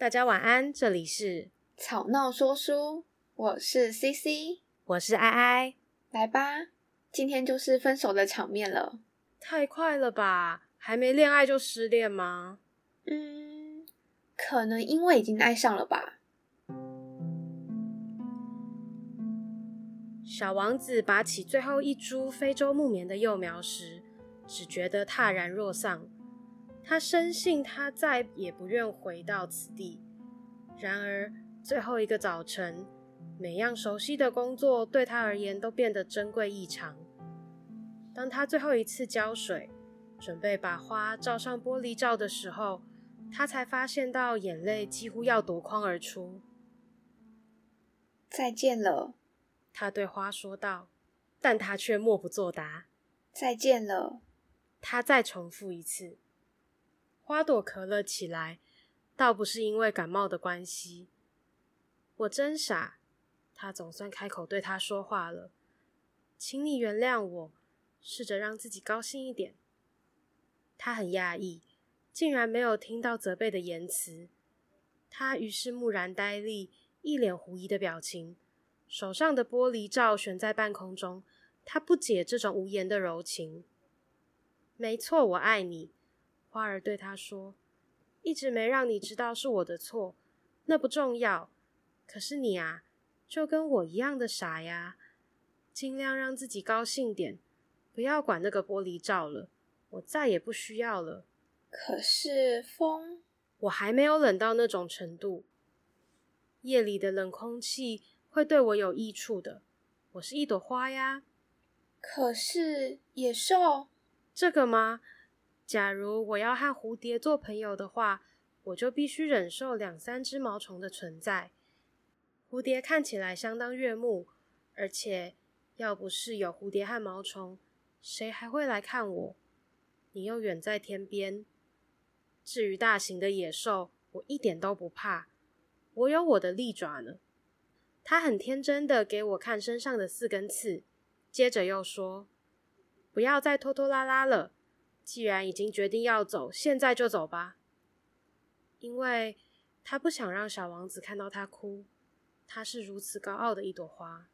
大家晚安，這裡是吵鬧說書，我是 CC，我是艾艾，來吧，今天就是分手的場面了，太快了吧，還沒戀愛就失戀嗎？嗯，可能因為已經愛上了吧。小王子拔起最後一株非洲木棉的幼苗時，只覺得悵然若喪。他深信，他再也不願回到此地。然而，最後一個早晨，每樣熟悉的工作對他而言都變得珍貴異常。當他最後一次澆水，準備把花罩上玻璃罩的時候，他才發現到眼淚幾乎要奪眶而出。“再見了。”他對花說道，但他卻默不作答。“再見了。”他再重複一次。花朵咳了起來，倒不是因為感冒的關係。我真傻，他總算開口對他說話了。請你原諒我，試着讓自己高興一點。他很訝異，竟然沒有聽到責備的言辭。他於是木然呆立，一臉狐疑的表情，手上的玻璃罩懸在半空中。他不解這種無言的柔情。沒錯，我愛你。花兒對他說：“一直沒讓你知道是我的錯，那不重要。可是你啊，就跟我一樣的傻呀。儘量讓自己高興點，不要管那個玻璃罩了，我再也不需要了。可是風，我還沒有冷到那種程度。夜裡的冷空氣會對我有益處的。我是一朵花呀。可是野獸，這個嗎？”假如我要和蝴蝶做朋友的話，我就必須忍受兩三隻毛蟲的存在。蝴蝶看起來相當悅目，而且要不是有蝴蝶和毛蟲，誰還會來看我？你又遠在天邊。至於大型的野獸，我一點都不怕，我有我的利爪呢。它很天真的給我看身上的四根刺，接着又說：“不要再拖拖拉拉了。”既然已經決定要走，現在就走吧。因為他不想讓小王子看到他哭，他是如此高傲的一朵花。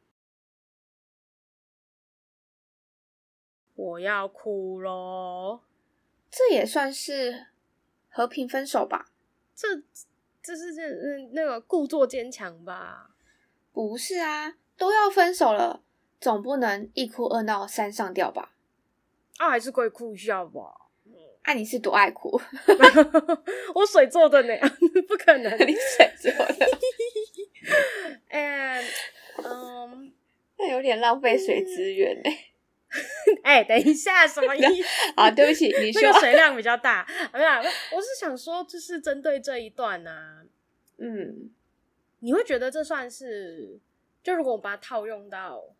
我要哭咯，這也算是和平分手吧？這這是這嗯那個故作堅強吧？不是啊，都要分手了，總不能一哭二鬧三上吊吧？啊，還是可以哭一下吧。哎，啊、你是多愛哭？ 我水做的呢，不可能， 你水做的。And，嗯，那有點浪費水資源呢。哎、嗯欸，等一下，什麼意思啊？ 對不起，你說 那個水量比較大。沒有、啊，我是想說，就是針對這一段呢、啊。嗯，你會覺得這算是？就如果我把它套用到。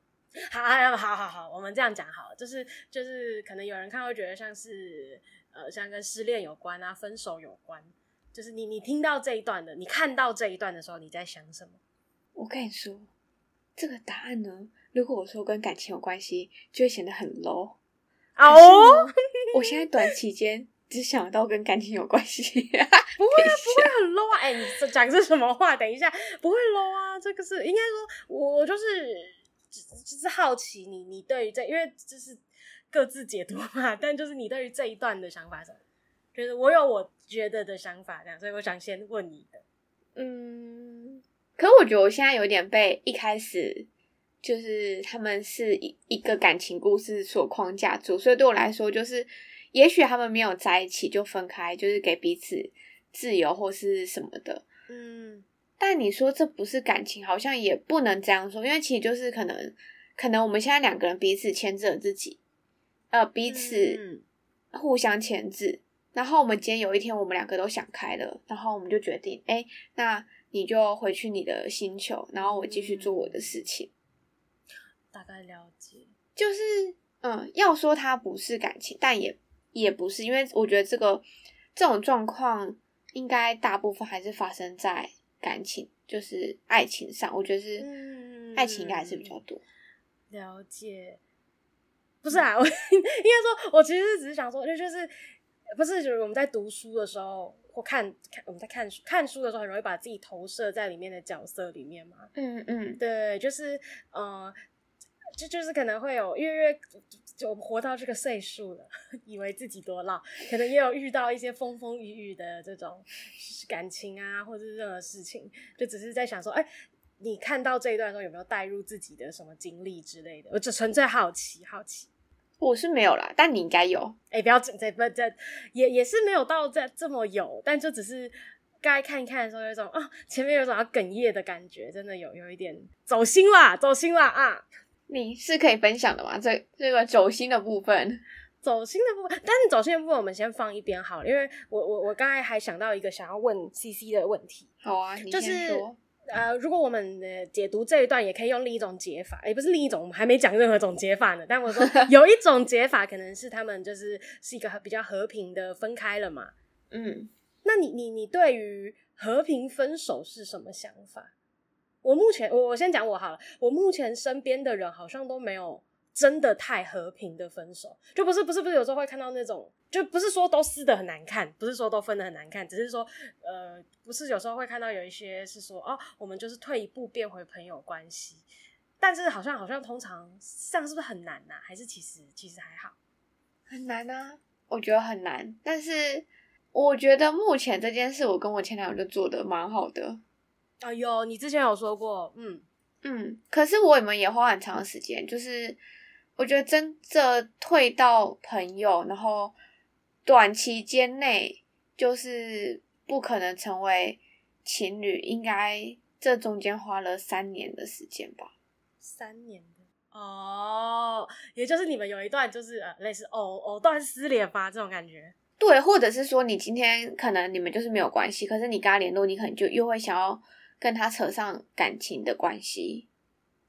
好，好好好,好，我們這樣講好了，就是就是，可能有人看會覺得像是，呃，像跟失戀有關啊，分手有關。就是你你聽到這一段的，你看到這一段的時候，你在想什麼？我跟你說，這個答案呢，如果我說跟感情有關係，就會顯得很 low 哦。Oh? 我現在短期間 只想到跟感情有關係， 下不會、啊、不會很 low 啊？誒、欸、你講的是什麼話？等一下，不會 low 啊，這個是應該說，我就是。就是好奇你，你對於這，因為就是各自解讀嘛。但就是你對於這一段的想法是什麼？就是、我有我覺得的想法這樣，所以我想先問你的。嗯，可我覺得我現在有點被一開始就是他們是一一個感情故事所框架住，所以對我來說，就是也許他們沒有在一起就分開，就是給彼此自由或是什麼的。嗯。但你說這不是感情，好像也不能這樣說，因為其實就是可能，可能我們現在兩個人彼此牽制了自己，呃，彼此互相牽制。嗯、然後我們今天有一天，我們兩個都想開了，然後我們就決定，哎、欸，那你就回去你的星球，然後我繼續做我的事情。嗯、大概了解，就是嗯，要說它不是感情，但也也不是，因為我覺得這個這種狀況應該大部分還是發生在。感情就是愛情上，我覺得是愛情應該還是比較多、嗯、了解。不是啊，我應該說，我其實是只是想說，就是不是就是我們在讀書的時候或看看我們在看書看書的時候，很容易把自己投射在裡面的角色裡面嘛。嗯嗯，嗯對，就是呃，就就是可能會有，因為。就活到這個歲數了，以為自己多老，可能也有遇到一些風風雨雨的這種感情啊，或者是任何事情，就只是在想說，欸，你看到這一段的時候有沒有代入自己的什麼經歷之類的？我就純粹好奇，好奇，我是沒有啦，但你應該有，欸，不要整這不這，這也也是沒有到這這麼有，但就只是該看一看的時候有一種啊，前面有一種要哽咽的感覺，真的有有一點走心啦，走心啦啊。你是可以分享的嗎？這這個走心的部分，走心的部分，但是走心的部分我們先放一邊好了，因為我我我剛才還想到一個想要問 CC 的問題，好啊，說就是呃，如果我們解讀這一段，也可以用另一種解法，也、欸、不是另一種，我們還沒講任何種解法呢。但我說有一種解法，可能是他們就是是一個比較和平的分開了嘛。嗯， 那你你你對於和平分手是什麼想法？我目前，我我先講我好了。我目前身邊的人好像都沒有真的太和平的分手，就不是不是不是有時候會看到那種，就不是說都撕的很難看，不是說都分的很難看，只是說呃，不是有時候會看到有一些是說哦，我們就是退一步變回朋友關係，但是好像好像通常這樣是不是很難吶、啊？還是其實其實還好？很難啊，我覺得很難。但是我覺得目前這件事，我跟我前男友就做的蠻好的。啊有、哎，你之前有說過，嗯嗯，可是我們也花很長的時間，就是我覺得真正退到朋友，然後短期間內就是不可能成為情侶，應該這中間花了三年的時間吧？三年的哦，也就是你們有一段就是、呃、類似藕藕斷絲連吧這種感覺，對，或者是說你今天可能你們就是沒有關係，可是你跟他聯絡，你可能就又會想要。跟他扯上感情的關係，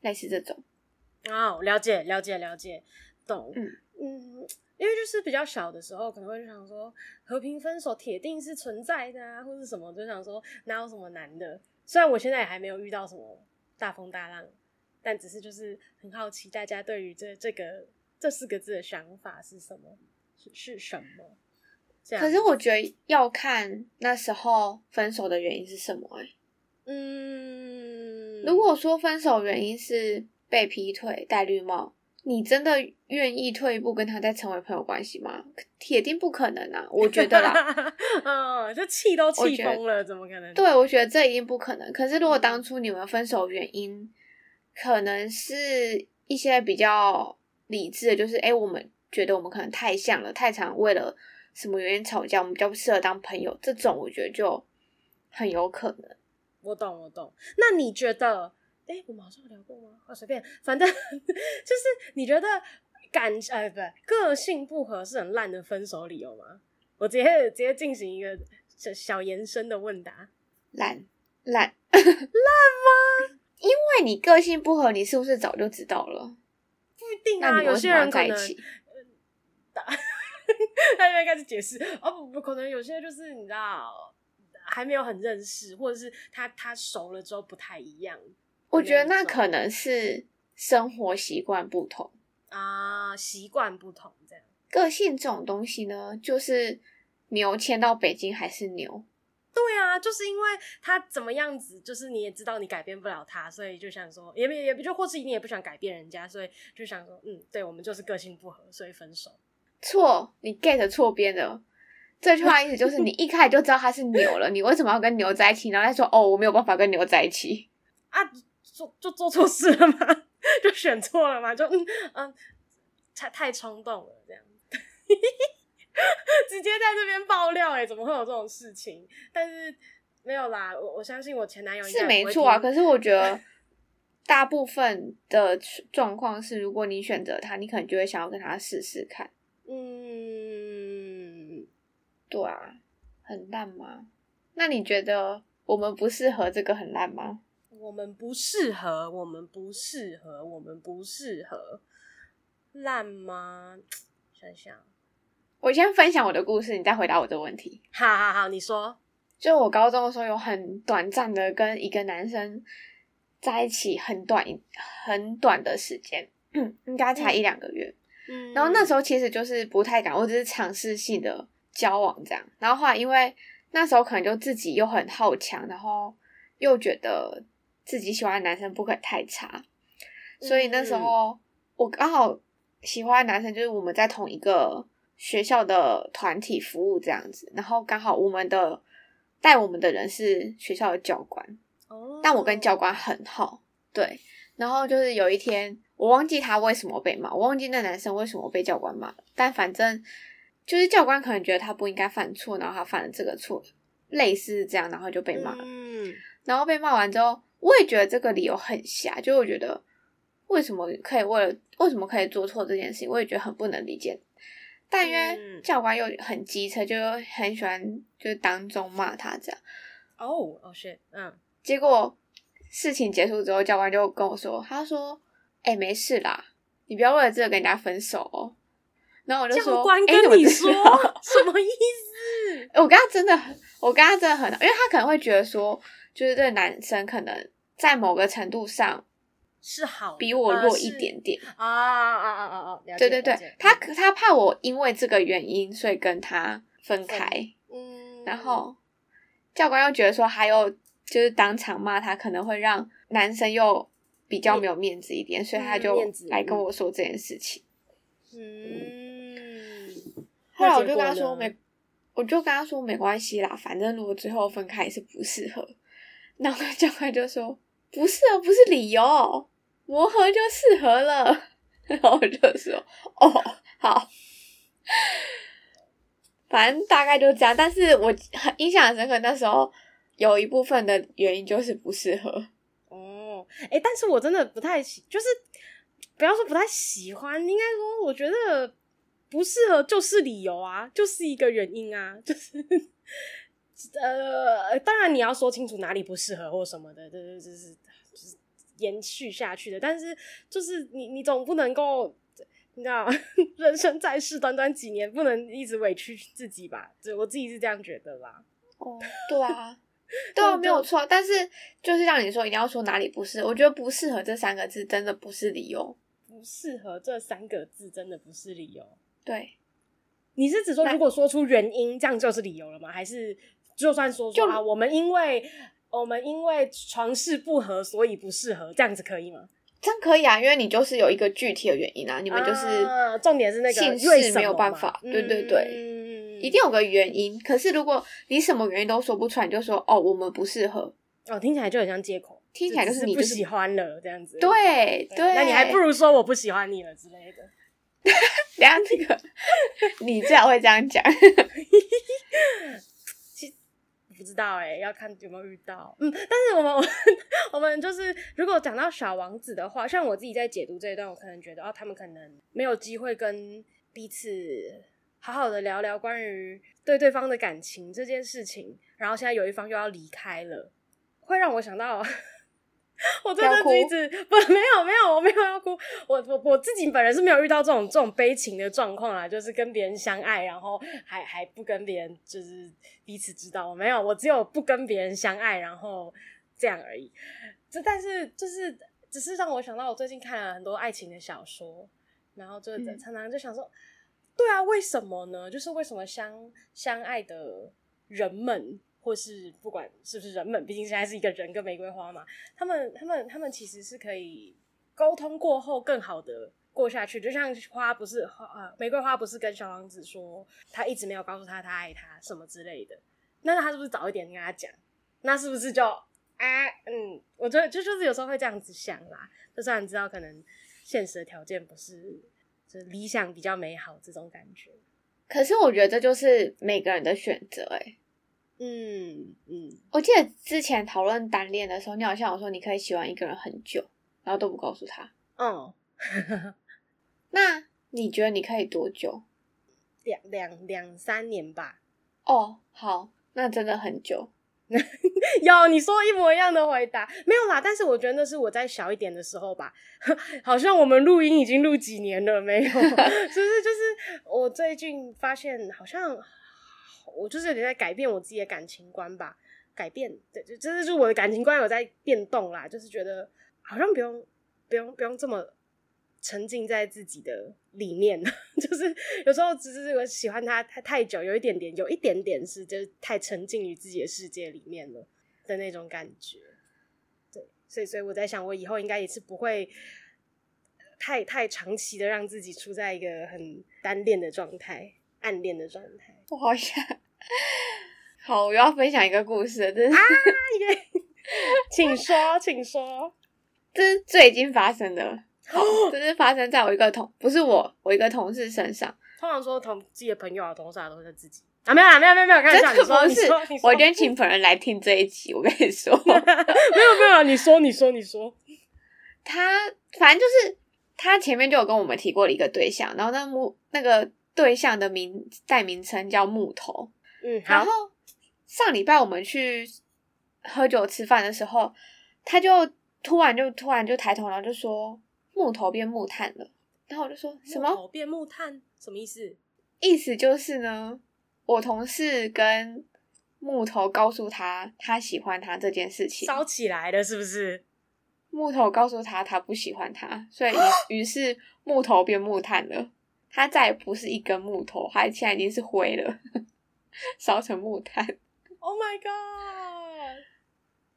類似這種哦，了解了解了解，懂，嗯嗯，因為就是比較小的時候，可能會就想說和平分手鐵定是存在的啊，或是什麼，就想說哪有什麼難的。雖然我現在也還沒有遇到什麼大風大浪，但只是就是很好奇大家對於這這個這四個字的想法是什麼，是是什麼？這樣，可是我覺得要看那時候分手的原因是什麼，哎。嗯，如果說分手原因是被劈腿、戴綠帽，你真的願意退一步跟他再成為朋友關係嗎？鐵定不可能啊，我覺得啦。嗯 哦，就氣都氣瘋了，怎麼可能？對，我覺得這一定不可能。可是如果當初你們分手原因，可能是一些比較理智的，就是哎，我們覺得我們可能太像了，太常為了什麼原因吵架，我們比較不適合當朋友。這種我覺得就很有可能。我懂，我懂。那你覺得，哎、欸，我們好像有聊過嗎？啊，隨便，反正就是你覺得感，呃、欸，不，個性不合是很爛的分手理由嗎？我直接直接進行一個小小延伸的問答。爛，爛，爛嗎？ 因為你個性不合，你是不是早就知道了？不一定啊，在一起有些人可能、嗯、打， 他現在開始解釋。哦不不，可能有些就是你知道。還沒有很認識，或者是他他熟了之後不太一樣。我覺得那可能是生活習慣不同啊，習慣不同這樣。個性這種東西呢，就是牛牽到北京還是牛。對啊，就是因為他怎麼樣子，就是你也知道你改變不了他，所以就想說，也也也不，就或是你也不想改變人家，所以就想說，嗯，對我們就是個性不合，所以分手。錯，你 get 錯邊了。這句話意思就是，你一開始就知道他是牛了， 你為什麼要跟牛在一起？然後他說：“哦，我沒有辦法跟牛在一起。”啊，做就，就做錯事了嗎？就選錯了嗎？就嗯嗯，呃、太太衝動了，這樣 直接在這邊爆料哎、欸，怎麼會有這種事情？但是沒有啦，我我相信我前男友也是。是沒錯啊。看可是我覺得大部分的狀況是，如果你選擇他，你可能就會想要跟他試試看。嗯。對啊，很爛嗎？那你覺得我們不適合這個很爛嗎？我們不適合，我們不適合，我們不適合。爛嗎？想想，我先分享我的故事，你再回答我這個問題。好好好，你說。就我高中的時候，有很短暫的跟一個男生在一起，很短很短的時間， 應該才一兩個月。嗯，然後那時候其實就是不太敢，我只是嘗試性的。交往這樣，然後後來因為那時候可能就自己又很好強，然後又覺得自己喜歡的男生不可以太差，所以那時候我剛好喜歡的男生就是我們在同一個學校的團體服務這樣子，然後剛好我們的帶我們的人是學校的教官，但我跟教官很好，對，然後就是有一天我忘記他為什麼被罵，我忘記那男生為什麼被教官罵，但反正。就是教官可能覺得他不應該犯錯，然後他犯了這個錯，類似是這樣，然後就被罵了。嗯，然後被罵完之後，我也覺得這個理由很瞎，就我覺得為什麼可以為了為什麼可以做錯這件事情，我也覺得很不能理解。但因為教官又很機車，就很喜歡就是當眾罵他這樣。哦哦 shit，嗯。結果事情結束之後，教官就跟我說，他說：“哎、欸，沒事啦，你不要為了這個跟人家分手哦。”然後我就說：“哎，你說什麼意思？我跟他真的很，我跟他真的很，因為他可能會覺得說，就是這個男生可能在某個程度上是好比我弱一點點啊，啊啊啊啊！啊啊啊對對對，他、嗯、他怕我因為這個原因，所以跟他分開。嗯，然後教官又覺得說，還有就是當場罵他，他可能會讓男生又比較沒有面子一點，嗯、所以他就來跟我說這件事情。嗯。嗯”後來害我，我就跟他說沒，我就跟他說沒關係啦，反正如果最後分開也是不適合，然後他很快就說不適合不是理由，磨合就適合了。 然後我就說哦好， 反正大概就這樣。但是我很印象很深刻，那時候有一部分的原因就是不適合。哦，哎、欸，但是我真的不太喜，就是不要說不太喜歡，應該說我覺得。不適合就是理由啊，就是一個原因啊，就是呃，當然你要說清楚哪裡不適合或什麼的，就是就是、就是、就是、延續下去的。但是就是你你總不能夠，你知道，人生在世短短幾年，不能一直委屈自己吧？就我自己是這樣覺得啦。哦，對啊，對啊， 沒有錯。但是就是像你說，一定要說哪裡不適，我覺得“不適合”這三個字真的不是理由，“不適合”這三個字真的不是理由。對，你是指說，如果說出原因，這樣就是理由了嗎？還是就算說說啊，我們因為我們因為床事不合，所以不適合，這樣子可以嗎？這樣可以啊，因為你就是有一個具體的原因啊，你們就是重點是那個性事沒有辦法，對對對，一定有個原因。可是如果你什麼原因都說不出來，你就說哦，我們不適合，哦，聽起來就很像借口，聽起來就是你不喜歡了這樣子。對對，那你還不如說我不喜歡你了之類的。等下這個，那個你最好會這樣講。 其實不知道哎、欸，要看有沒有遇到。嗯，但是我們我們就是，如果講到小王子的話，像我自己在解讀這一段，我可能覺得哦，他們可能沒有機會跟彼此好好的聊聊關於對對方的感情這件事情。然後現在有一方又要離開了，會讓我想到。 我真的一直不沒有沒有我沒有要哭，我我我自己本人是沒有遇到這種這種悲情的狀況啊，就是跟別人相愛，然後還還不跟別人就是彼此知道，沒有，我只有不跟別人相愛，然後這樣而已。這但是就是只是讓我想到，我最近看了很多愛情的小說，然後就、嗯、常常就想說，對啊，為什麼呢？就是為什麼相相愛的人們。或是不管是不是人們，畢竟現在是一個人跟玫瑰花嘛，他們他們他們其實是可以溝通過後更好的過下去。就像花不是花呃玫瑰花不是跟小王子說他一直沒有告訴他他愛他什麼之類的，那他是不是早一點跟他講？那是不是就哎、啊、嗯。我覺得就就是有時候會這樣子想啦，就算知道可能現實的條件不是，就是理想比較美好這種感覺，可是我覺得這就是每個人的選擇哎、欸。嗯嗯，嗯，我記得之前討論單戀的時候，你好像我說你可以喜歡一個人很久，然後都不告訴他。嗯、哦， 那你覺得你可以多久？兩兩兩三年吧。哦，好，那真的很久。 有，你說一模一樣的回答，沒有啦。但是我覺得那是我在小一點的時候吧， 好像我們錄音已經錄幾年了，沒有？就 是？就是我最近發現好像。好，我就是有點在改變我自己的感情觀吧，改變，對，就就是就是我的感情觀有在變動啦，就是覺得好像不用不用不用這麼沉浸在自己的裡面，就是有時候只是我喜歡他太太久，有一點點有一點點是就是太沉浸於自己的世界裡面了的那種感覺，對，所以所以我在想，我以後應該也是不會太太長期的讓自己處在一個很單戀的狀態、暗戀的狀態。我好想，好，我要分享一個故事，啊，真的，ah, yeah. 請說，請說，這是最近發生的，好 這是發生在我一個同，不是我，我一個同事身上。通常說同自己的朋友啊，同事啊，都是自己啊。沒有啊，沒有，沒有，沒有，真的不是。我今天請朋友來聽這一集，我跟你說，沒有，沒有，你說，你說，你說，你說你說你說他反正就是他前面就有跟我們提過了一個對象，然後那麼那個。對象的名代名稱叫木頭，嗯，然後、啊、上禮拜我們去喝酒吃飯的時候，他就突然就突然就抬頭了，然後就說木頭變木炭了，然後我就說什麼木頭變木炭什麼意思？意思就是呢，我同事跟木頭告訴他他喜歡他這件事情燒起來的是不是？木頭告訴他他不喜歡他，所以、啊、於是木頭變木炭了。它再也不是一根木頭，它現在已經是灰了，燒成木炭。Oh my god！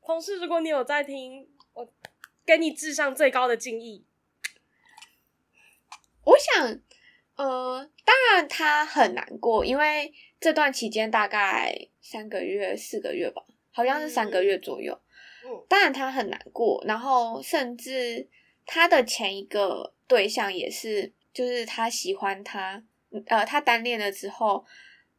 同事，如果你有在聽，我給你致上最高的敬意。我想，呃，當然他很難過，因為這段期間大概三個月、四個月吧，好像是三個月左右。當然、mm. 他很難過，然後甚至他的前一個對象也是。就是他喜歡他，呃，他單戀了之後，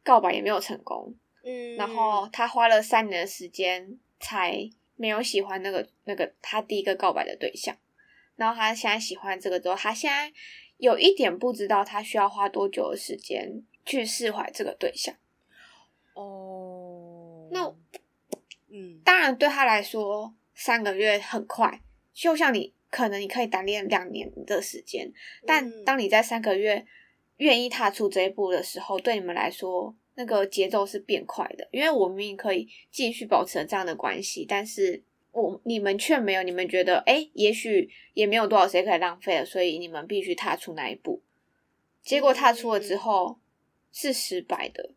告白也沒有成功，嗯，然後他花了三年的時間才沒有喜歡那個那個他第一個告白的對象，然後他現在喜歡這個之後，他現在有一點不知道他需要花多久的時間去釋懷這個對象，哦，那，嗯，當然對他來說三個月很快，就像你。可能你可以單戀兩年的時間，但當你在三個月願意踏出這一步的時候，對你們來說，那個節奏是變快的。因為我們也可以繼續保持這樣的關係，但是我，你們卻沒有。你們覺得，哎、欸，也許也沒有多少時間可以浪費了，所以你們必須踏出那一步。結果踏出了之後是失敗的，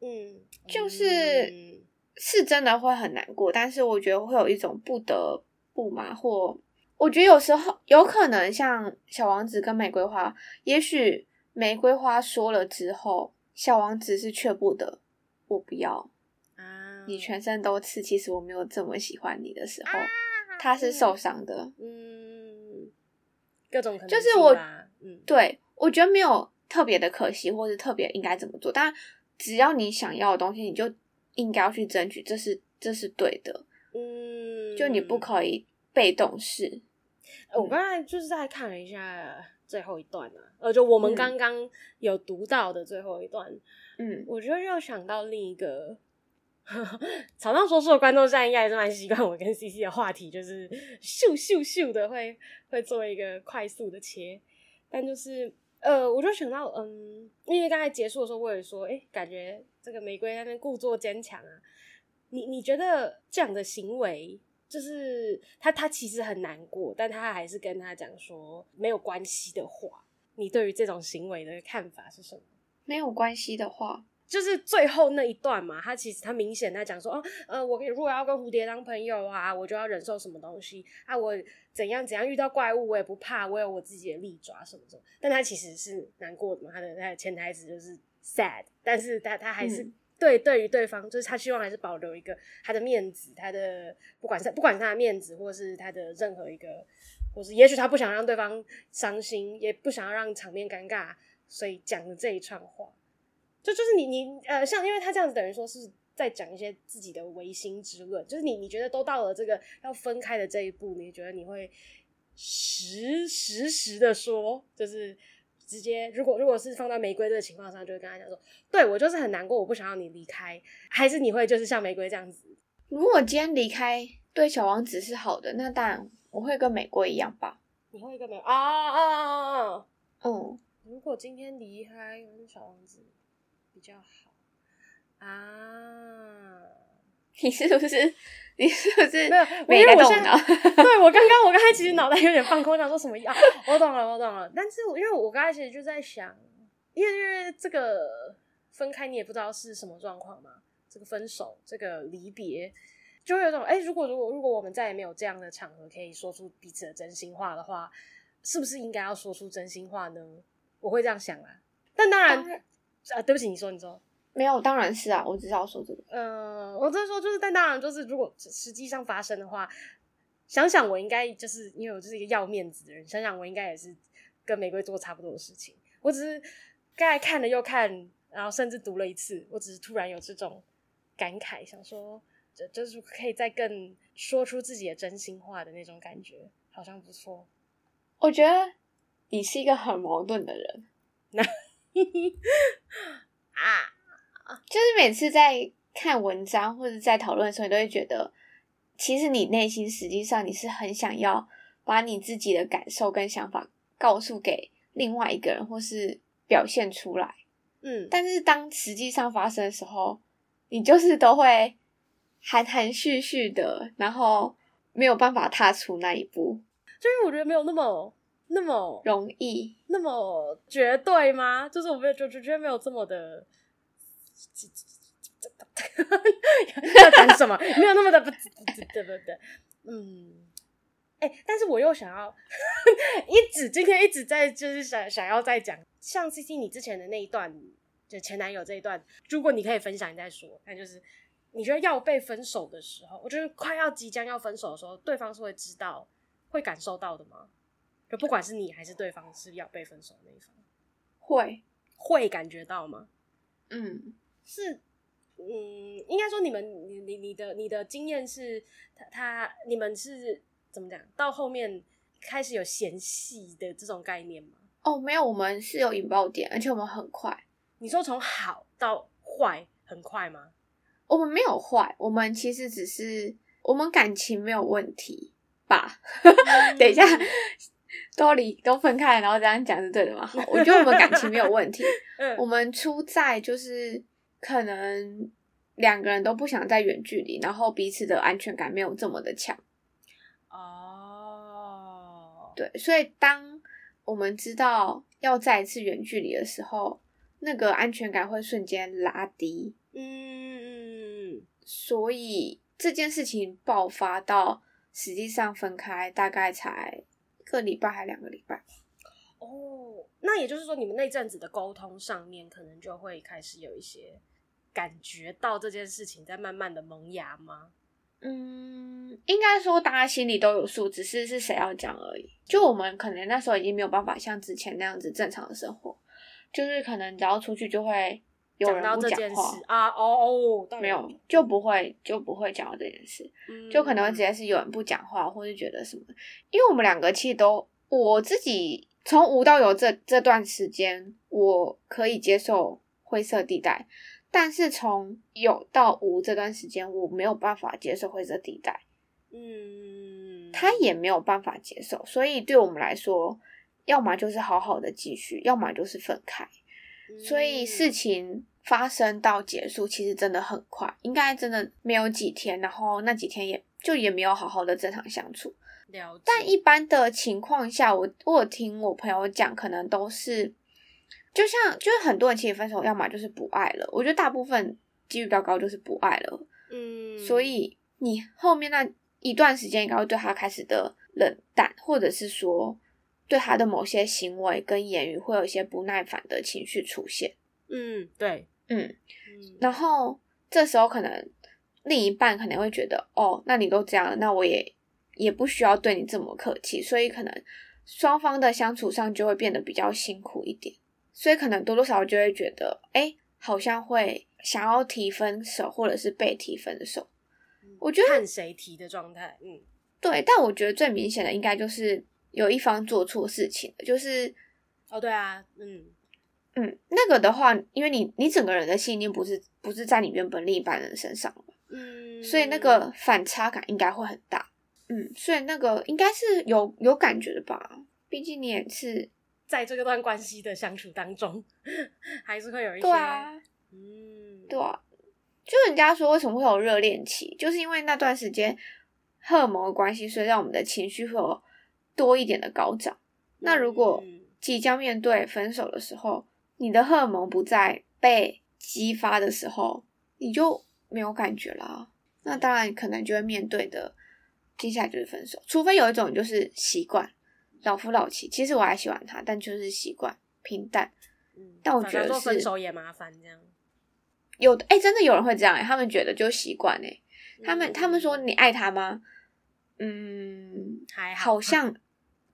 嗯，就是是真的會很難過。但是我覺得會有一種不得不嘛或。我覺得有時候有可能像小王子跟玫瑰花，也許玫瑰花說了之後，小王子是卻不得，我不要啊，你全身都刺，其實我沒有這麼喜歡你的時候，啊、他是受傷的，嗯，各種可能就是我，對，我覺得沒有特別的可惜，或是特別應該怎麼做，但只要你想要的東西，你就應該要去爭取，這是這是對的，嗯，就你不可以被動式。嗯、我剛才就是在看了一下最後一段嘛，呃，就我們剛剛有讀到的最後一段，嗯，我覺得又想到另一個，場上、嗯、呵呵說說的觀眾現在應該還是蠻習慣我跟 CC 的話題，就是咻咻咻的會會做一個快速的切，但就是呃，我就想到，嗯，因為剛才結束的時候我也說，哎、欸，感覺這個玫瑰在那故作堅強啊，你你覺得這樣的行為？就是他，他其實很難過，但他還是跟他講說沒有關係的話。你對於這種行為的看法是什麼？沒有關係的話，就是最後那一段嘛。他其實他明顯在講說，哦、啊，呃，我如果要跟蝴蝶當朋友啊，我就要忍受什麼東西啊？我怎樣怎樣，遇到怪物我也不怕，我有我自己的利爪什麼什麼。但他其實是難過的嘛，他的他的潛台詞就是 sad，但是他他還是。嗯對，對於對方，就是他希望還是保留一個他的面子，他的不管是不管是他的面子，或者是他的任何一個，或是也許他不想讓對方傷心，也不想要讓場面尷尬，所以講的這一串話，就就是你你呃，像因為他這樣子，等於說是在講一些自己的違心之論，就是你你覺得都到了這個要分開的這一步，你覺得你會實實時的說，就是。直接，如果如果是放到玫瑰這個情況上，就會跟他講說，對，我就是很難過，我不想要你離開，還是你會就是像玫瑰這樣子？如果今天離開對小王子是好的，那當然我會跟玫瑰一樣吧。你會跟玫瑰啊啊啊啊啊！啊啊啊啊嗯，如果今天離開我小王子比較好啊。你是不是？你是不是沒有我因為我剛？對，我剛剛我剛才其實腦袋有點放空，想說什麼？啊，我懂了，我懂了。但是因為我剛才其實就在想，因為因為這個分開，你也不知道是什麼狀況嘛。這個分手，這個離別，就會有種哎、欸，如果如果如果我們再也沒有這樣的場合，可以說出彼此的真心話的話，是不是應該要說出真心話呢？我會這樣想啊。但當然啊，啊，對不起，你說你說。沒有，當然是啊，我只是要說這個。嗯、呃，我真說就是，但當然就是，如果實際上發生的話，想想我應該就是，因為我就是一個要面子的人，想想我應該也是跟玫瑰做差不多的事情。我只是剛才看了又看，然後甚至讀了一次，我只是突然有這種感慨，想說，這就是可以再更說出自己的真心話的那種感覺，好像不錯。我覺得你是一個很矛盾的人。嘿嘿。啊。就是每次在看文章或者在討論的時候，你都會覺得，其實你內心實際上你是很想要把你自己的感受跟想法告訴給另外一個人，或是表現出來。嗯，但是當實際上發生的時候，你就是都會含含蓄蓄的，然後沒有辦法踏出那一步。就是我覺得沒有那麼那麼容易，那麼絕對嗎？就是我沒有就覺得沒有這麼的。要講 什麼？ 沒有那麼的不知 對不對，對，對，嗯，哎、欸，但是我又想要 一直今天一直在就是想想要再講，像 C C 你之前的那一段，就前男友這一段，如果你可以分享，你再說，那就是你覺得要被分手的時候，我覺得快要即將要分手的時候，對方是會知道會感受到的嗎？就不管是你還是對方是要被分手的那一方，嗯、會會感覺到嗎？嗯。是，嗯，應該說你們你你你的你的經驗是，他他你們是怎麼講？到後面開始有嫌隙的這種概念嗎？哦，沒有，我們是有引爆點，嗯、而且我們很快。你說從好到壞很快嗎？我們沒有壞，我們其實只是我們感情沒有問題吧？嗯、 等一下，都離都分開，然後這樣講是對的嘛？好，我覺得我們感情沒有問題。 嗯，我們出在就是。可能兩個人都不想再遠距離，然後彼此的安全感沒有這麼的強。哦，oh. 對，所以當我們知道要再一次遠距離的時候，那個安全感會瞬間拉低。嗯嗯。所以這件事情爆發到實際上分開大概才一個禮拜還兩個禮拜。哦，oh, 那也就是說你們那陣子的溝通上面可能就會開始有一些。感覺到這件事情在慢慢的萌芽嗎？嗯，應該說大家心裡都有數，只是是誰要講而已。就我們可能那時候已經沒有辦法像之前那樣子正常的生活，就是可能只要出去就會有人不講話啊。講到這件事，哦哦，沒有，就不會，就不會講到這件事，就可能會直接是有人不講話，或是覺得什麼。因為我們兩個其實都，我自己從無到有這這段時間，我可以接受灰色地帶。但是從有到無這段時間，我沒有辦法接受灰色地帶，嗯，他也沒有辦法接受，所以對我們來說，要麼就是好好的繼續，要麼就是分開。所以事情發生到結束，其實真的很快，應該真的沒有幾天。然後那幾天也就也沒有好好的正常相處。了解。但一般的情況下，我我聽我朋友講，可能都是。就像，就是很多人其實分手，要麼就是不愛了。我覺得大部分幾率比較高，就是不愛了。嗯，所以你後面那一段時間，應該會對他開始的冷淡，或者是說對他的某些行為跟言語，會有一些不耐煩的情緒出現。嗯，對，嗯嗯。然後這時候可能另一半可能會覺得，哦，那你都這樣了，那我也也不需要對你這麼客氣。所以可能雙方的相處上就會變得比較辛苦一點。所以可能多多少少就會覺得，哎、欸，好像會想要提分手，或者是被提分手。嗯、我覺得看誰提的狀態，嗯，對。但我覺得最明顯的應該就是有一方做錯事情的，就是，哦，對啊，嗯嗯，那個的話，因為你你整個人的信念不是不是在你原本另一半人身上的，嗯，所以那個反差感應該會很大，嗯，所以那個應該是有有感覺的吧，畢竟你也是。在這個段關係的相處當中，還是會有一些對啊，嗯，對啊，就人家說為什麼會有熱戀期，就是因為那段時間荷爾蒙的關係，所以讓我們的情緒會有多一點的高漲。嗯，那如果即將面對分手的時候，你的荷爾蒙不再被激發的時候，你就沒有感覺啦。那當然可能就會面對的，接下來就是分手，除非有一種就是習慣。老夫老妻，其實我還喜歡他，但就是習慣平淡。嗯，但我覺得是分手也麻煩這樣。有的、欸、真的有人會這樣，欸，他們覺得就習慣誒，他們他們說你愛他嗎？嗯，嗯還好像，好像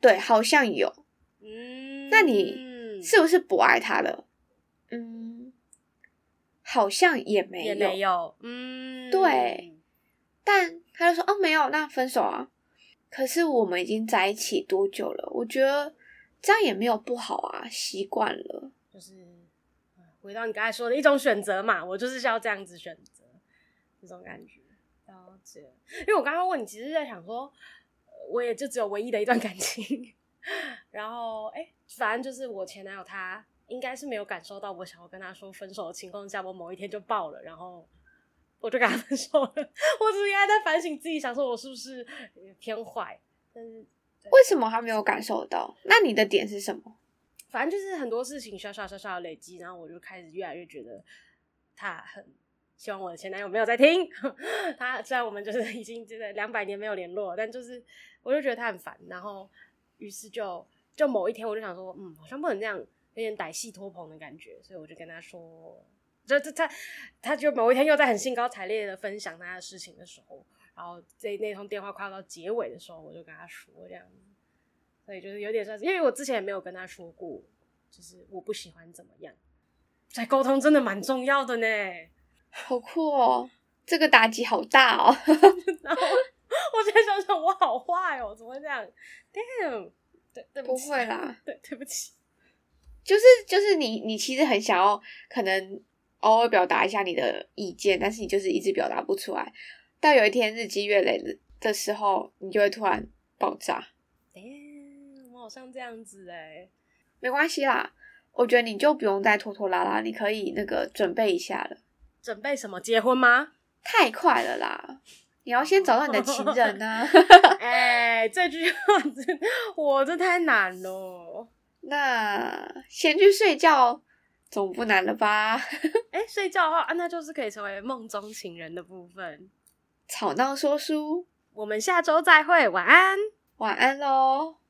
對，好像有。嗯，那你是不是不愛他了？嗯，好像也沒有，也沒有，嗯，對。但他就說哦，沒有，那分手啊。可是我們已經在一起多久了？我覺得這樣也沒有不好啊，習慣了。就是回到你剛才說的一種選擇嘛，我就是要這樣子選擇，這種感覺。了解，因為我剛剛問你，其實是在想說，我也就只有唯一的一段感情。 然後，誒、欸、反正就是我前男友他應該是沒有感受到我想要跟他說分手的情況下，我某一天就爆了，然後。我就跟他分手了。我是應該在反省自己，想說我是不是偏壞。但是為什麼他沒有感受到？那你的點是什麼？反正就是很多事情刷刷刷刷累積，然後我就開始越來越覺得他很希望我的前男友沒有在聽。他雖然我們就是已經真的兩百年沒有聯絡，但就是我就覺得他很煩。然後於是就就某一天我就想說，嗯，好像不能這樣，有點歹戲拖棚的感覺。所以我就跟他說。這這他他就某一天又在很興高采烈的分享他的事情的時候，然後在那通電話快要到結尾的時候，我就跟他說這樣子，所以就是有點算是，因為我之前也沒有跟他說過，就是我不喜歡怎麼樣，在溝通真的蠻重要的呢。好酷哦，這個打擊好大哦。然 後 我現在想想，我好壞哦，怎麼會這樣？Damn，對對不起，不會啦，對對不起，就是就是你你其實很想要可能。偶爾表達一下你的意見，但是你就是一直表達不出來。到有一天日積月累的時候，你就會突然爆炸。誒、欸、我好像這樣子哎、欸，沒關係啦，我覺得你就不用再拖拖拉拉，你可以那個準備一下了。準備什麼？結婚嗎？太快了啦！你要先找到你的情人啊！哎、 欸，這句話真……我這太難了。那先去睡覺。總不難了吧 ？欸，睡覺的話啊，那就是可以成為夢中情人的部分。吵鬧說書，我們下周再會，晚安，晚安嘍。